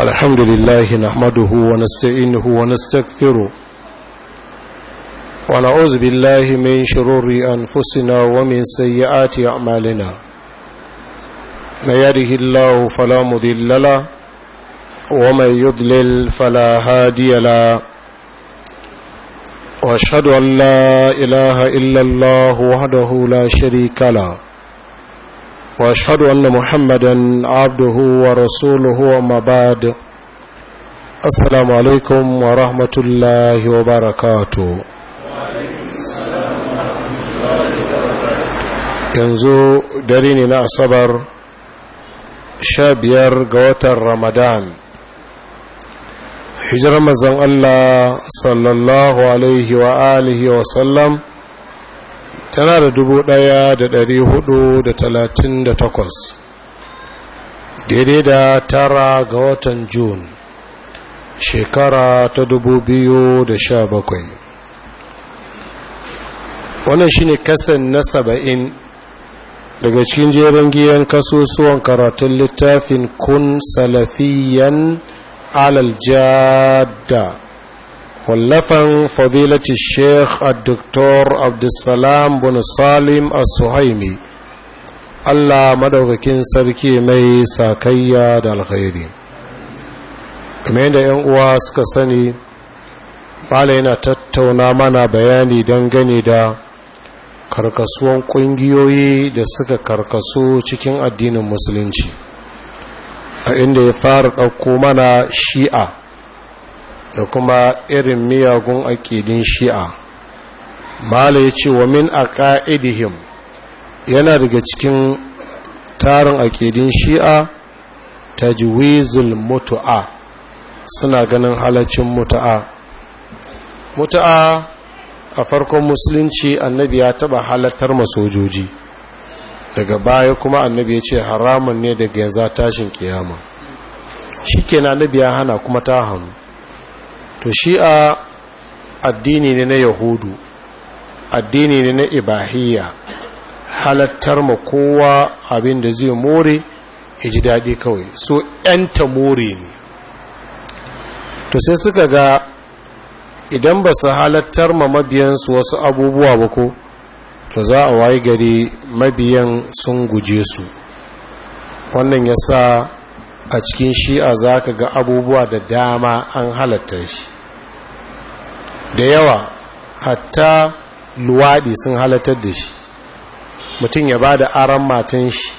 الحمد لله نحمده ونستعينه ونستغفره ونعوذ بالله من شرور أنفسنا ومن سيئات أعمالنا ما يره الله فلا مضل له ومن يضلل فلا هادي له واشهد أن لا إله إلا الله وحده لا شريك له واشهد ان محمدا عبده ورسوله اما بعد السلام عليكم ورحمه الله وبركاته yanzu dare ne na asabar sha biyar ga watan ramadan hijirar mazan allah sallallahu alaihi wa alihi wa sallam tana da dubu ɗaya da ɗari hudu da talatin da takwas daidai da tara ga watan Jun shekara ta dubu biyu da sha bakwai wannan shine kasan na saba'in daga cikin jerin giyan kasusuwan karatun littafin kun salafiyan alal wallafan fadilati sheikh al-doktor abdulsalam bin salim al-suhaimi allah madaukakin sarki mai sakayya da alkhairi kuma yadda 'yan uwa suka sani bala yana tattauna mana bayani dangane da karkasuwan kungiyoyi da suka karkasu cikin addinin musulunci a inda ya fara ɗauko mana shi'a da kuma irin miyagun aƙidin shi'a mala ya ce wa min ƙa'idihim yana daga cikin tarin aƙidin shi'a wezul mutu'a suna ganin halaccin mutu'a mutu'a a farkon musulunci annabi ya taba halattar masojoji daga baya kuma annabi ya ce haramun ne daga yanzu tashin kiyama shikenan annabi ya hana kuma ta hannu. to shi'a addini ne na yahudu addini ne na ibahiyya halattar ma kowa abin da zai more ya ji daɗi kawai so ‘yanta more ne to sai suka ga idan ba su halattar ma mabiyansu wasu abubuwa ba ko to za a waye gari mabiyan sun guje su wannan ya sa a cikin shi'a za ka ga abubuwa da dama an halatta shi da yawa hatta luwaɗi sun halatar da shi mutum ya ba da aran matan shi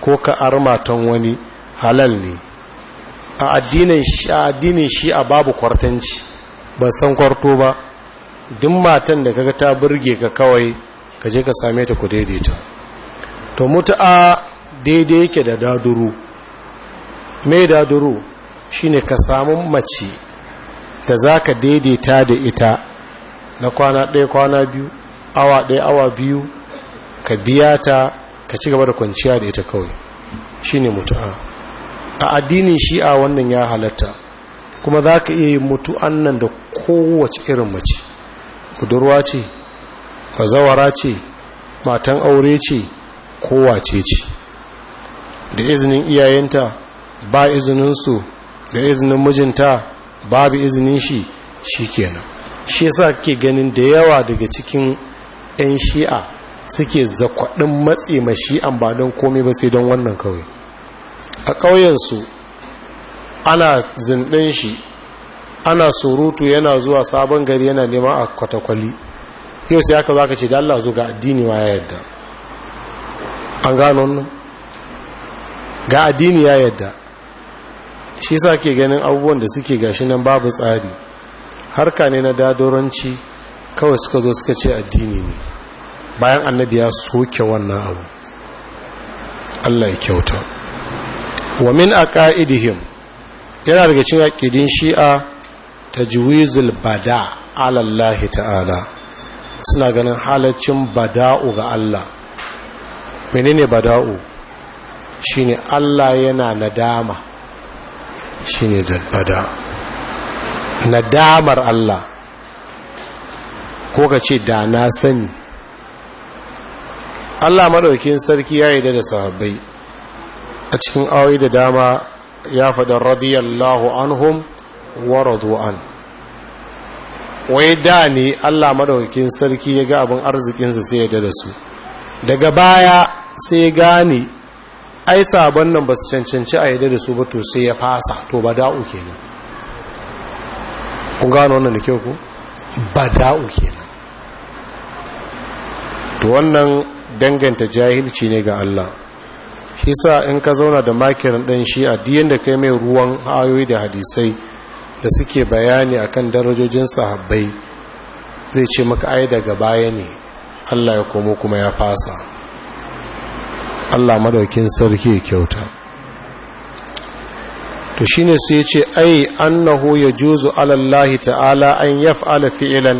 ko ka aran matan wani halal ne a addinin shi a babu kwartanci ba san kwarto ba duk matan da kaga ta burge ka kawai ka je ka same ta ku daidaita to mutu'a daidai yake da daduru mai daduru shine ka samu mace da za ka daidaita da ita na kwana ɗaya kwana biyu awa ɗaya awa biyu ka biya ta ka ci gaba da kwanciya da ita kawai shi ne mutu'a a addinin shi'a wannan ya halatta kuma za ka iya yi mutu'an nan da kowace irin mace budurwa ce bazawara ce matan aure ce kowace ce da izinin iyayenta ba izininsu da izinin mijinta babu izinin shi shi kenan shi sa kake ganin da yawa daga cikin 'yan shi'a suke zakwadin matse ma shi'an ba don komai ba sai don wannan kawai a ƙauyensu ana zinɗin shi ana surutu yana zuwa sabon gari yana nema a kwatakwali yau sai aka zaka ce da Allah zo ga addini ma ya yadda an gano nan ga addini ya yadda shi sa ke ganin abubuwan da suke gashi nan babu tsari harka ne na dadoranci kawai suka zo suka ce addini ne bayan annabi ya soke wannan abu Allah ya kyauta wa min aqaidihim yana daga cikin aqidin shi'a tajwizul bada ala Allah ta'ala suna ganin halaccin bada'u ga Allah menene bada'u shine Allah yana nadama Shi shine na nadamar Allah ko ka ce da na sani Allah maɗaukin sarki ya yi da sahabbai a cikin awai da dama ya faɗa radiyallahu anhum wa radu'an wai da ne Allah maɗaukin sarki ya ga abin arzikinsa sai ya da su daga baya sai gane ai sabon nan ba su cancanci a yadda da su ba to sai ya fasa to ba ke kenan ku gano wannan da kyau ku ba ke kenan to wannan danganta jahilci ne ga Allah shi sa in ka zauna da makirin ɗan shi a diyan da kai mai ruwan ayoyi da hadisai da suke bayani akan darajojin sahabbai zai ce maka ai daga baya ne Allah ya komo kuma ya fasa Allah madaukin sarki kyauta to shine sai ya ce ai annahu yajuzu ala Allah ta'ala an yaf'ala fi'lan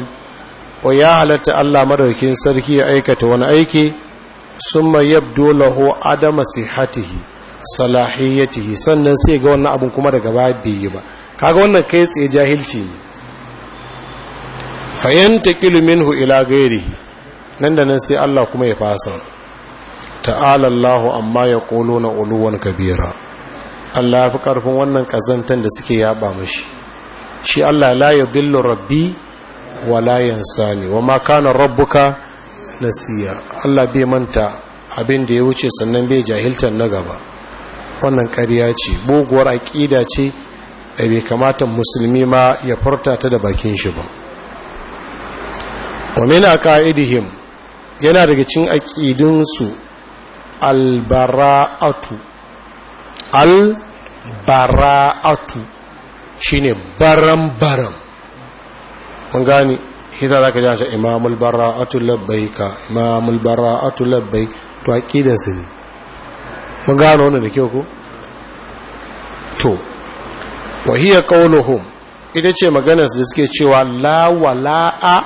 wa ya halatta Allah madaukin sarki ya aikata wani aiki summa yabdu lahu adama sihatihi salahiyatihi sannan sai ga wannan abun kuma daga baya yi ba kaga wannan kai tsaye jahilci ne yantakilu minhu ila ghairihi nan da nan sai Allah kuma ya fasa ta'ala Allahu amma ya kolo na uluwan kabira Allah ya fi ƙarfin wannan ƙazantar da suke yaɓa mashi shi Allah la ya dillo rabbi wa la sani wa ma rabbuka rabbuka nasiya Allah bai manta abin da ya wuce sannan bai jahiltar na gaba wannan ƙarya ce buguwar aƙida ce da bai kamata musulmi ma ya furta ta da bakin shi ba wa mina ka'idihim yana daga cin aƙidinsu. albara'atu albara'atu shine baram-baram mun gani hita za ka ji ashe imamul bara'atu labbai ka imamul bara'atu labbai to aƙidansu ne mun gano wannan da kyau ko to wahiyar ƙaunuhun ita ce maganar da suke cewa la wala'a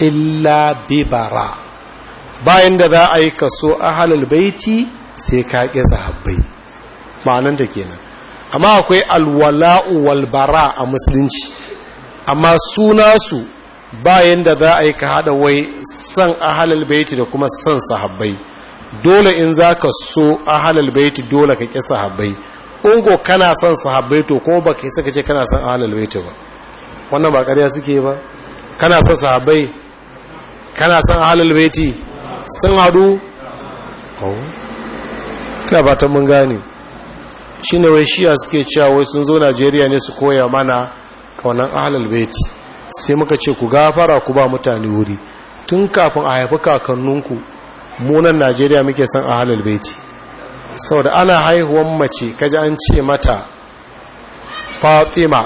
illa bibara bayan da za a yi kaso a halal baiti sai ka ƙi zahabbai ma'anan da nan amma akwai alwala'u walbara a musulunci amma suna su bayan da za a yi ka haɗa wai son a halal baiti da kuma son sahabbai dole in za ka so a halal baiti dole ka ƙi sahabbai ungo kana son sahabbai to ko ba ka yi saka ce kana son a halal baiti ba wannan ba ƙarya suke ba kana son sahabbai kana son a halal baiti sun haɗu ta ba ta mun gane shi ne wai shiya suke cewa wai sun zo najeriya ne su koya mana kaunan ahalar beti sai muka ce ku gafara ku ba mutane wuri tun kafin a haifi kakanninku munan najeriya muke son beti Sau da ana haihuwan mace kaji an ce mata fatima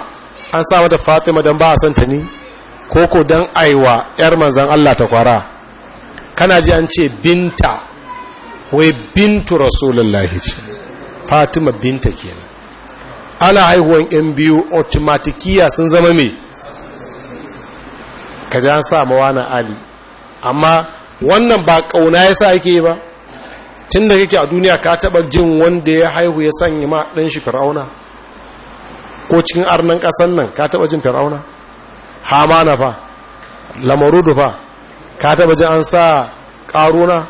an sa mata fatima don ba a santa ni ko ko don aiwa 'yar manzan allah ta kwara kana ji an ce binta wai bintu rasulullahi ce fatima binta kenan ana haihuwan yan biyu otomatikiya sun zama mai ka ji an sa mawa na ali amma wannan ba ƙauna ya sa ake ba tun da kake a duniya ka taba jin wanda ya haihu ya sanya ma ɗan shi fir'auna ko cikin arnan ƙasan nan ka taɓa jin fir'auna na fa lamarudu fa ka taba ji an sa ƙaruna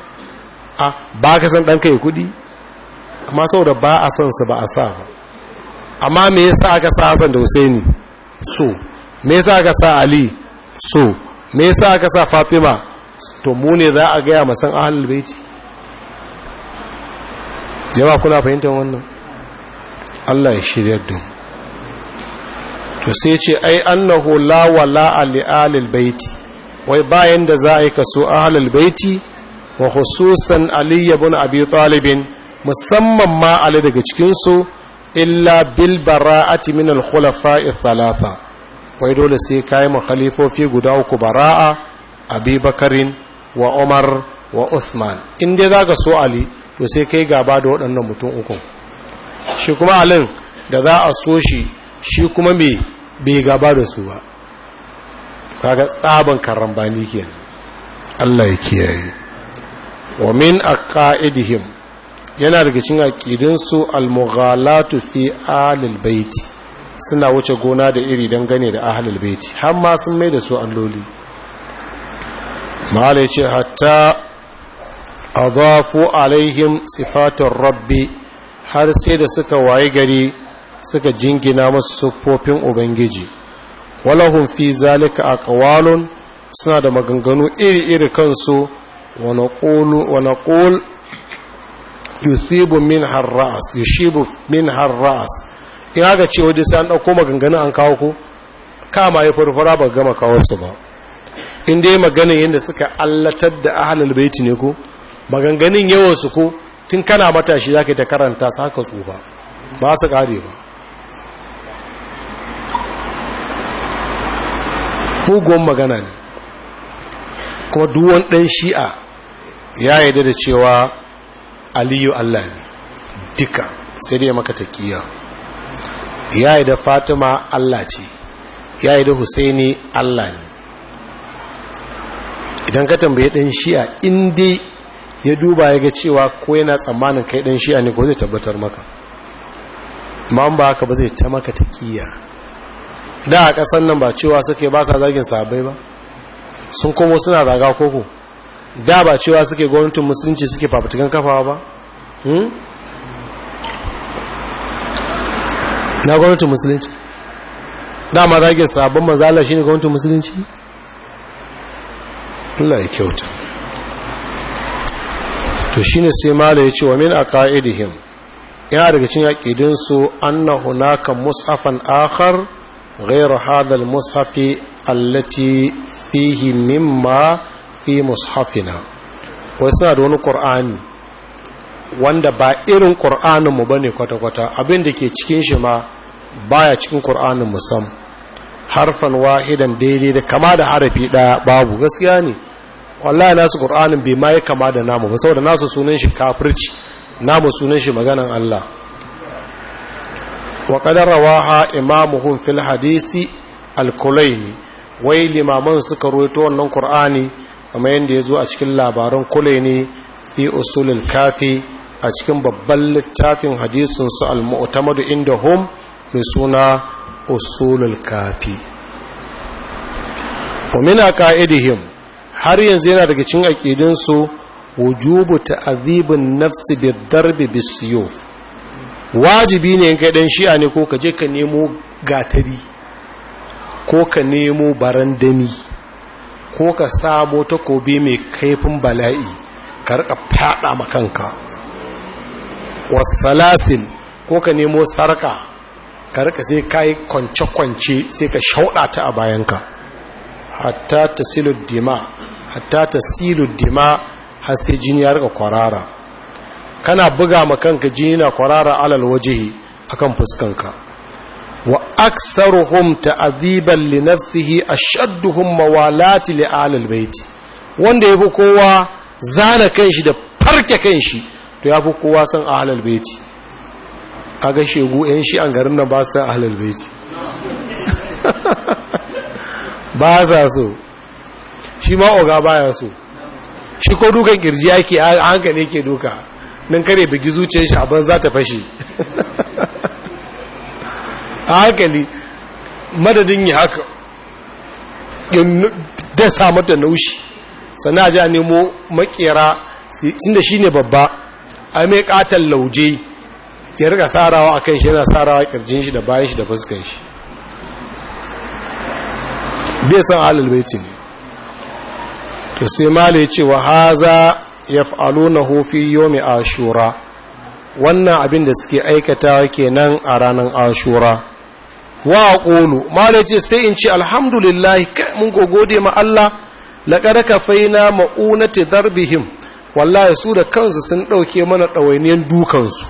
a ba ka san ɗanka ya kuɗi amma saboda ba a san su ba a sa ba amma me yasa aka sa Hassan da Husaini so me yasa aka sa Ali so me yasa aka sa Fatima to mu ne za a gaya masan ahlul baiti jama'a kuna fahimtar wannan Allah ya shirya da to sai ce ai annahu la wala li alil baiti wai bayan da za a yi kaso a halal baiti wa hususan ali abi talibin musamman ma ali daga cikinsu illa bil bara'ati min al khulafa'i thalatha wai dole sai kai ma khalifofi guda uku bara'a abubakarin wa umar wa uthman in dai zaka so ali to sai kai gaba da waɗannan mutum uku shi kuma alin da za a so shi shi kuma me bai gaba da su ba kaga tsaban karambani kenan Allah ya kiyaye wa min aqaidihim yana daga cikin aqidin su al-mughalatu fi alil baiti suna wuce gona da iri dan gane da ahlul baiti har ma sun mai da su alloli mala yace hatta adafu alaihim sifatar rabbi har sai da suka waye gari suka jingina musu siffofin ubangiji walahun fi zalika aqwalun suna da maganganu iri-iri kansu wa naqul yusibu min harras yushibu min harras in ga ce da sai an ɗauko maganganu an kawo ku kama ya furfura ba gama kawo su ba in dai maganin yanda suka allatar da ahlul baiti ne ku maganganun yawansu ku tun kana matashi zaka ta karanta su haka tsufa ba su kare ba muguwan magana ne kuma duwan ɗan shi'a ya yi da cewa aliyu allah ne duka sai dai maka taƙiya ya yi da fatima allah ce ya yi da husaini allah ne idan ka tambaye ɗan shi'a inda ya duba ya ga cewa ko yana tsammanin kai ɗan shi'a ne ko zai tabbatar maka ma ba haka ba zai ta maka taƙiya da a ƙasan nan ba cewa suke ba sa zagin sabai ba sun komo suna zaga koko da ba cewa suke gwamnatin musulunci suke fafitikan kafawa ba hmm? na gwamnatin musulunci da ma zagin sabon mazala shi ne gwamnatin musulunci Allah ya kyauta to shi ne sai mala ya ce wa min a ka'idihim yana daga cin yaƙidinsu an na hunaka musafan akhar غير هذا المصحف التي فيه مما في مصحفنا وسنا دون قرآن wanda ba irin ƙur'aninmu ba ne kwata-kwata abin da ke cikin shi ma baya cikin ƙur'aninmu sam harfan wahidan daidai da kama da harafi ɗaya babu gaskiya ne wallahi nasu ƙur'anin bai ma yi kama da namu ba saboda nasu sunan shi kafirci namu sunan shi maganan Allah wa qadar rawaha imamuhum hadisi al-kulaini wai limaman suka ruwaito wannan qur'ani kamar yadda zo a cikin labaran kulaini fi usulul kafi a cikin babban littafin hadisin su al-mu'tamadu indahum mai suna usulul kafi umina qa'idihim har yanzu yana daga cikin aqidinsu wujubu ta'dhibun nafsi bid-darbi bis-suyuf wajibi ne in kai shi'a ne ko ka je ka nemo gatari ko ka nemo barandami ko ka samo takobi mai kaifin bala'i ka rika fada makanka wasalasin ko ka nemo sarka ka sai ka yi kwance-kwance sai ka shauɗa ta a bayanka hatta ta silu dima hatta ta silu dima har sai jini ya rika kwarara kana buga ma kanka jini na kwarara alal wajihi akan fuskanka wa aksaruhum ta'dhiban li nafsihi ashadduhum mawalati li alal baiti wanda yafi kowa zana kanshi da farke kanshi to fi kowa san alal baiti kaga shegu yan shi an garin nan ba su san alal baiti ba sa so shi ma oga baya so shi ko dukan kirji ake hankali ke duka nan kare bugi zuciyar shi abin za ta fashe a hankali madadin ya haka da samar da naushi sannan ajiya nemo makera tun da shi ne babba a mai katon lauje ya rika sarawa a kan shi yana sarawa kirjin shi da bayan shi da fuskan shi bai san alalbaiti to sai mala ya ce wa haza yaf'alunahu fi yawmi ashura wannan abin da suke aikata kenan a ranar ashura wa qulu malaje sai in ce alhamdulillah mun gode ma Allah laqad na ma'unati darbihim wallahi su da kansu sun ɗauke mana ɗawainiyar dukansu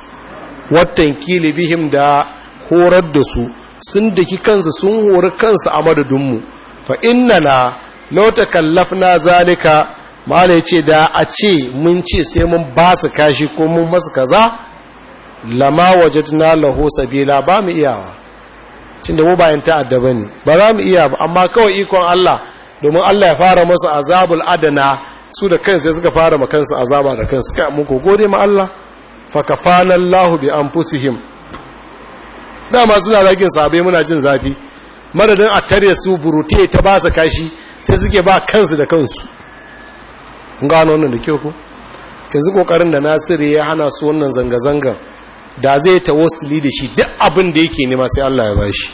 watan kilibihim da horar da su sun daki kansu sun hori kansu a madadinmu fa innana law takallafna zalika mala ya ce da a ce mun ce sai mun ba su kashi ko mun masu kaza lama na na sabila ba mu iyawa cin da mu bayan ta'adda ba ne ba za mu iya ba amma kawai ikon Allah domin Allah ya fara masa azabul adana su da kansu suka fara ma kansu azaba da kansu ka muku gode ma Allah faka fana lahu bi an anfusihim dama suna zagin sabai muna jin zafi madadin a tare su burute ta ba su kashi sai suke ba kansu da kansu gano wannan da kyau ku yanzu kokarin da nasiru ya hana su wannan zanga-zangar da zai tawassuli da shi duk abin da yake nema sai Allah ya bashi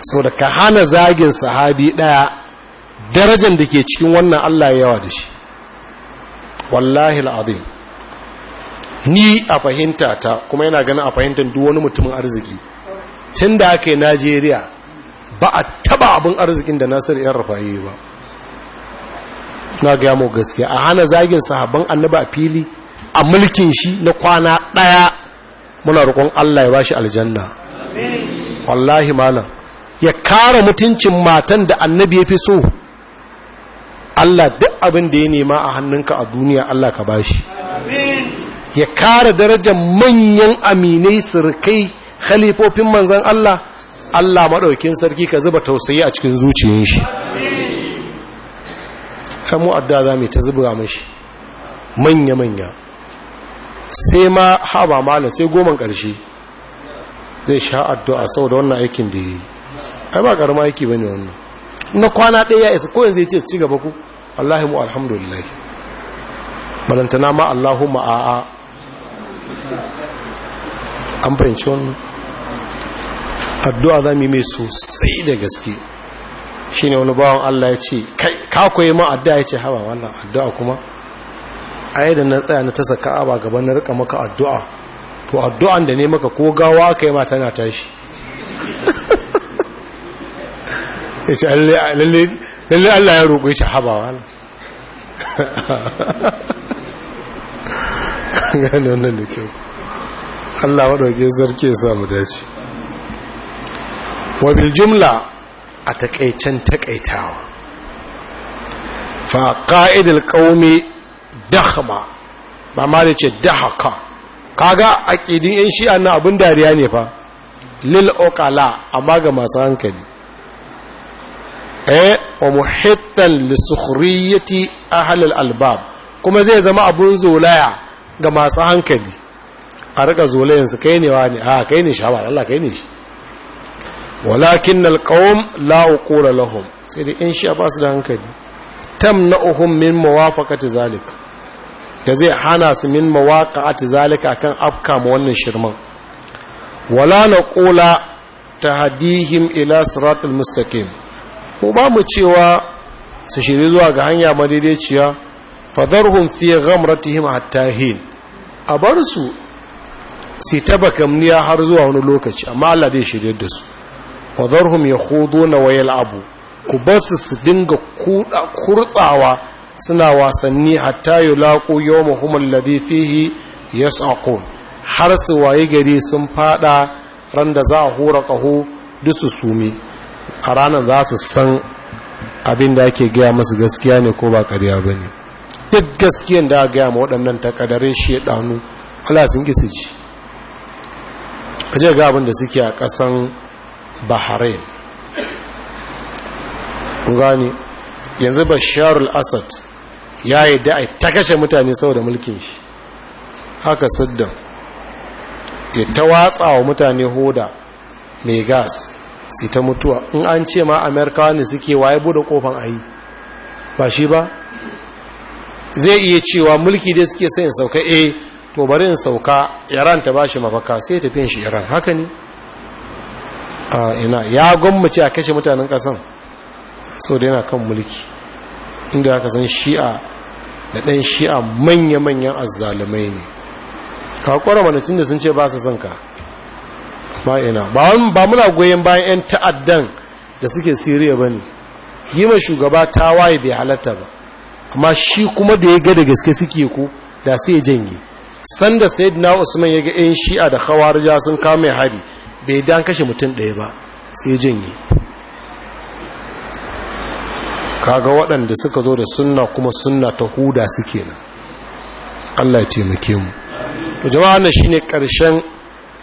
sau da ka hana zagin sahabi daya darajar da ke cikin wannan Allah ya yawa da shi wallahi al'azim ni a fahimta ta kuma yana ganin a fahimtar duk wani mutumin arziki Tunda da aka yi najeriya ba a taba abin arzikin da nasir yan rafaye ba na ga gaskiya a hana zagin sahabban annaba a fili a mulkin shi na kwana daya muna roƙon Allah ya bashi aljanna wallahi malam ya kara mutuncin matan da annabi ya fi so Allah duk abin da ya nema a hannunka a duniya Allah ka bashi ya kare darajar manyan aminai sirkai khalifofin manzon Allah Allah maɗaukin sarki ka zuba tausayi a cikin zuciyar shi mu adda za mai ta zubura mashi manya-manya sai ma haɓa malam sai goman ƙarshe zai sha addu'a saboda wannan aikin da ya yi ai ba ƙarama aiki ba ne wannan na kwana ɗaya ya isa koyan zai ce ci gaba ku allahi mu alhamdulillah balantana ma allahu ma'a'a an fahimci wannan addu'a za mu mai sosai da gaske shi ne wani bawan Allah ya ce kakwai koyi ma addu'a ya ce hawa wannan addu'a kuma a yi da na tsaya na ta saka ba gaban na rika maka addu'a to addu'an da ne maka ko gawa aka yi ma tana tashi ya ce lalle Allah ya roƙo ya ce hawa wannan gani wannan da kyau Allah waɗauke zarke ya samu dace wabil jumla a takaicen takaitawa fa ƙa'idar ƙaumi dahma mama da ce dahaka kaga a ƙidin shi shi'a na abin dariya ne fa lil okala amma ga masu hankali eh wa muhittan li sukhriyati ahlil albab kuma zai zama abun zolaya ga masu hankali a riga zolayen su kai ne wani a ah, kai ne shawara Allah kai ne shi walakin alqawm la uqula lahum sai da in sha ba su da hankali Tam tamna'uhum min muwafaqati zalik da zai hana su min mawaqa'ati zalika akan afka ma wannan shirman wala naqula tahdihim ila siratal mustaqim ko ba mu cewa su shiri zuwa ga hanya madaidaiciya fadarhum fi ghamratihim hatta hin a bar su sai ta bakamniya har zuwa wani lokaci amma Allah zai shirye da su wa ya hudu na wayal abu ku ba su dinga kurtsawa suna wasanni hatta yi laƙo yau muhimmin ladifihi ya saƙon har su waye gari sun fada ran da za a hura ƙaho dusu sumi a ranar za su san abin da ake gaya masu gaskiya ne ko ba ƙarya ba ne duk gaskiyan da a gaya ma waɗannan takadarin shaɗanu ala sun ƙi su ci ka ga abin da suke a ƙasan bahrain gani yanzu al asad ya yi da ta kashe mutane saboda mulkin shi haka saddam ya ta watsa wa mutane hoda mai gas sai ta mutuwa in an ce ma amerikawa ne suke waye bude kofan ayi ba shi ba zai iya cewa mulki dai suke in sauka eh to bari in sauka yaran ta bashi mafaka sai tafiyan shi iran haka ne a ina ya gwammace a kashe mutanen kasan so da yana kan mulki inda aka san shi'a da ɗan shi'a manya-manyan azzalumai ne kakwara manacin da sun ce ba su son ka ba ina ba muna goyon bayan 'yan ta'addan da suke siriya ba ne yi ma shugaba ta waye bai halatta ba amma shi kuma da ya ga da gaske suke ku da sai ya janye sanda na usman ya ga 'yan shi'a da khawarija sun kame hari bai dan kashe mutum ɗaya ba sai janye kaga waɗanda suka zo da sunna kuma sunna ta huda suke nan Allah ya taimake mu to jama'a wannan shine ƙarshen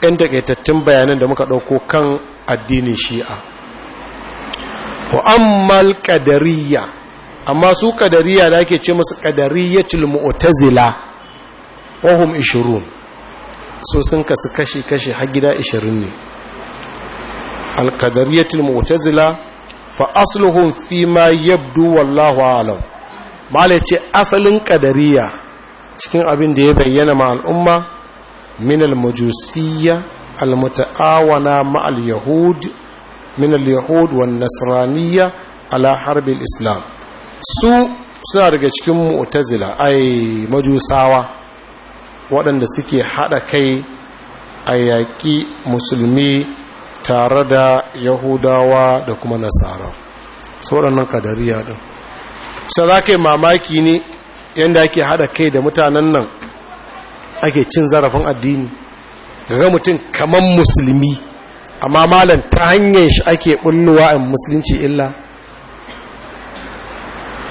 ɗan takaitattun bayanan da muka ɗauko kan addinin shi'a wa ammal qadariyya amma su ƙadariya da ake ce musu qadariyatul mu'tazila ohun 20 so sun kasu kashi kashi har gida 20 ne alkadariyatul mu'tazila fa asluhum fi ma yabdu wallahu alam mala ce asalin kadariya cikin abin da ya bayyana ma al'umma min al-majusiyya al-muta'awana ma al-yahud min al-yahud nasraniyya ala harbi al-islam su suna daga cikin mu'tazila ai majusawa waɗanda suke hada kai a yaƙi musulmi tare da yahudawa da kuma nasara waɗannan kadariya ɗin sa za ka mamaki ne yadda ake haɗa kai da mutanen nan ake cin zarafin addini ga mutum kamar musulmi amma malam ta hanyar shi ake ɓulluwa in musulunci illa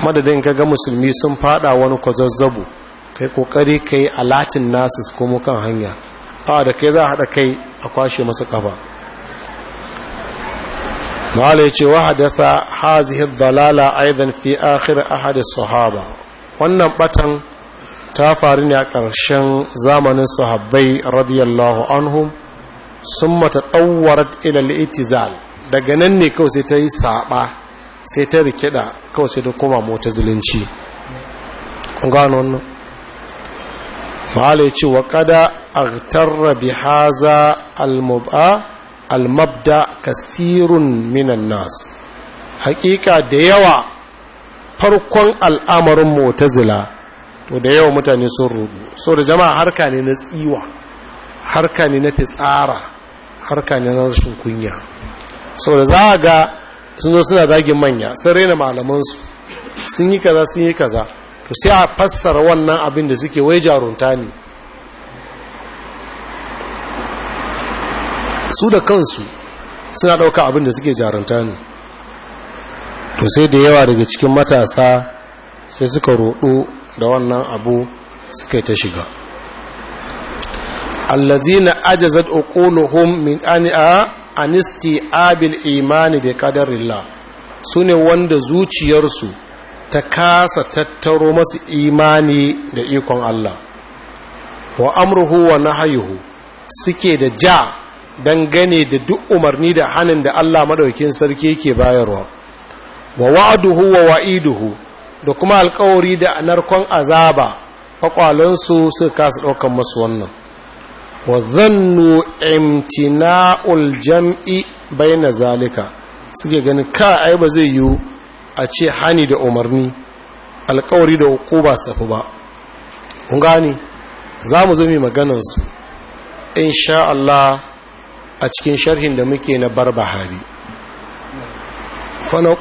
madadin ga musulmi sun fada wani kwazazzabo kai kokari kai a latin nasis kuma kan hanya a da kai za a haɗa kai a kwashe masu kafa mala yace wa hadatha hazihi dhalala aidan fi akhir ahad sahaba wannan batan ta faru ne a ƙarshen zamanin sahabbai radiyallahu anhum sun mata ila ilal itizal daga nan ne kawai sai ta yi saɓa sai ta rikida kawai sai ta koma mota zulunci kun gano wannan mala yace wa qada aghtarra bi hadha al-mub'a almabda kasirun minan nas hakika da yawa farkon al'amarin mutazila to da yawa mutane sun rudu so da jama'a harka ne na tsiwa harka ne na fitsara harka ne na rashin kunya so da za a ga sun zo suna zagin manya sun raina malamansu sun yi kaza sun yi kaza to sai a fassara wannan abin da suke wai jarunta ne su da kansu suna ɗauka abin da suke jaranta ne to sai da yawa daga cikin matasa sai suka roɗo da wannan abu suka ta shiga allazina ajazat uquluhum min ani'a anisti abil imani bi qadarillah sune wanda zuciyarsu ta kasa tattaro masu imani da ikon Allah wa amruhu wa nahyuhu suke da ja dangane da duk umarni da hannun da Allah maɗaukin sarki yake bayarwa wa wa'aduhu wa wa'iduhu da kuma alkawari da narkon azaba ƙwaƙwalensu su kasa ɗaukan masu wannan wa zannu imtina'ul jam'i bayna zalika suke ganin ka ai ba zai yiwu a ce hani da umarni alkawari da hukuba safi ba kun gani za mu zo mai maganansu in sha Allah a cikin sharhin da muke na ƙulu fana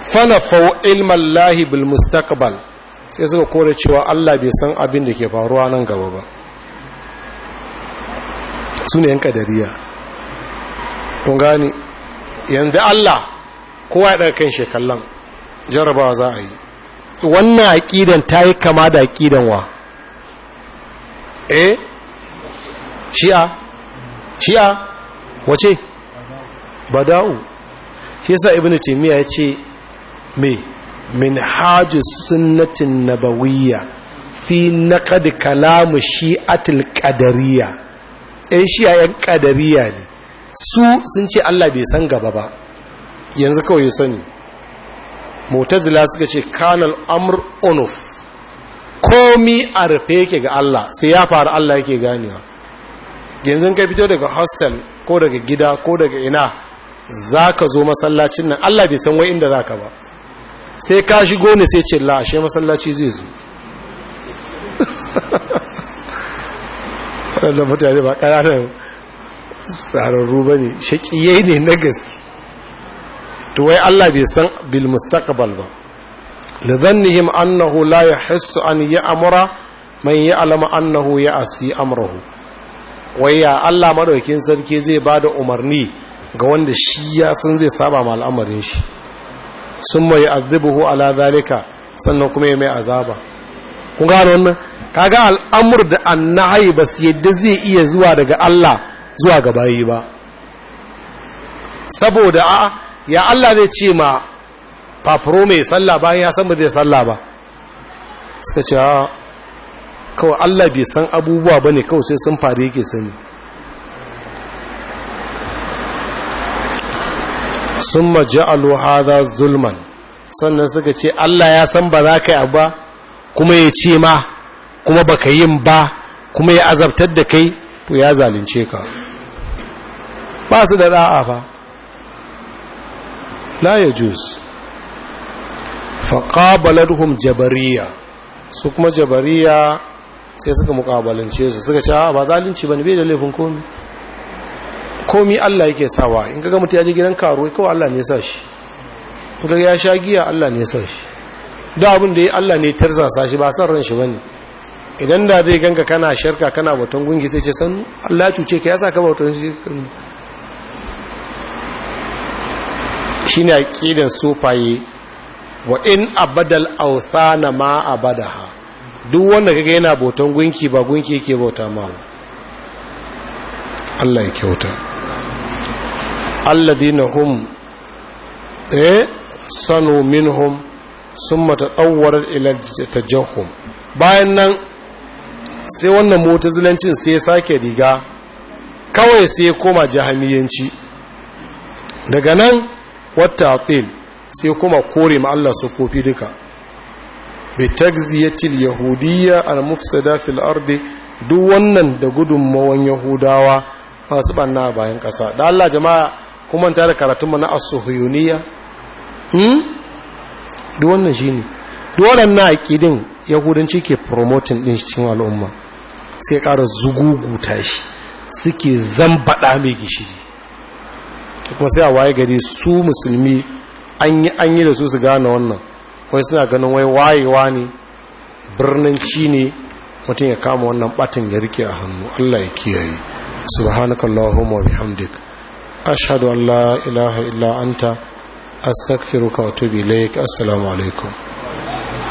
fanafau ilman lahi bil mustaqbal sai suka kore cewa allah bai san abin da ke faruwa nan gaba ba su ne yan kadariya kun gani yanzu allah kowa ya ɗaga kan shekallan jarabawa za a yi wannan aƙidan ta yi kama da aƙidan wa eh shi'a shi'a wace bada'u shi yasa ibnu taymiya ce me min haji sunnatin nabawiyya fi naqad kalamu shi'atil qadariyya ɗan eh, shi'a yan qadariyya ne su sun ce Allah bai san gaba ba yanzu kawai sani mutazila suka ce kanal amr unuf komi a rufe yake ga Allah sai ya faru Allah yake ganewa yanzu ka fito daga hostel ko daga gida ko daga ina za ka zo masallacin nan allah bai san wai inda za ka ba sai ka shigo ne sai ce la'ashe masallaci zai zo wadanda mutane ba kananan tsararru ba ne shaƙiye ne na gaske tuwai allah bai san bil mustaqbal ba annahu hasu an yi amura mai yi alama annahu ya asi amurahu waya Allah madaukin sarki zai ba da umarni ga wanda shi ya san zai saba ma al'amarin shi sun mai azibuhu ala zalika sannan kuma ya mai azaba kun gano wannan kaga al'amur da annahi ba su yadda zai iya zuwa daga Allah zuwa ga bayi ba saboda a ya Allah zai ce ma fafuro mai sallah bayan ya san ba zai sallah ba suka ce a ah, kawai Allah bai san abubuwa ba ne kawai sai sun faru yake sani Sun ja'alu hadha zulman sannan suka ce Allah ya san ba za ka yi ba kuma ya ce ma kuma baka yin ba kuma ya azabtar da kai to ya zalunce ka ba su da da'a fa la balar hum jabariya su kuma jabariya sai suka mukabalance su suka cewa ba zalunci ba ne bai da laifin komi komi Allah yake sawa in kaga mutum ya ji gidan karuwa kawai Allah ne ya sa shi in kaga ya sha giya Allah ne ya sa shi duk abin da ya Allah ne tarza sa shi ba san ran shi bane idan da zai ganka kana sharka kana batun gungi sai ce san Allah cuce ka ya sa ka batun shi shine aqidan sufaye wa in abadal awthana ma abadaha duk wanda kaga yana bautan gunki ba gunki yake bauta ma Allah ya kyauta alladhina hum eh sanu minhum summa tatawwarat ila tajahhum bayan nan sai wannan mutazilancin sai ya sake riga kawai sai ya koma jahamiyanci daga nan wata atil sai kuma kore ma Allah kofi duka bi tagziyatil yahudiyya al mufsada fil ardi duk wannan da gudunmawan yahudawa masu banna bayan kasa da Allah jama'a kuma ta da karatunmu na as-suhuyuniyya hmm duk wannan shine duk wannan aqidin yahudanci ke promoting din cikin al'umma sai ƙara ta shi suke zambaɗa mai gishiri kuma sai a waye gari su musulmi an yi da su su gane wannan wai suna ganin wai wayewa ne birnin ci ne mutum ya kama wannan batin ya rike a hannu Allah ya kiyaye subhanakallahumma bihamdik ashhadu an la ilaha illa anta astaghfiruka wa atubu ilaik assalamu alaikum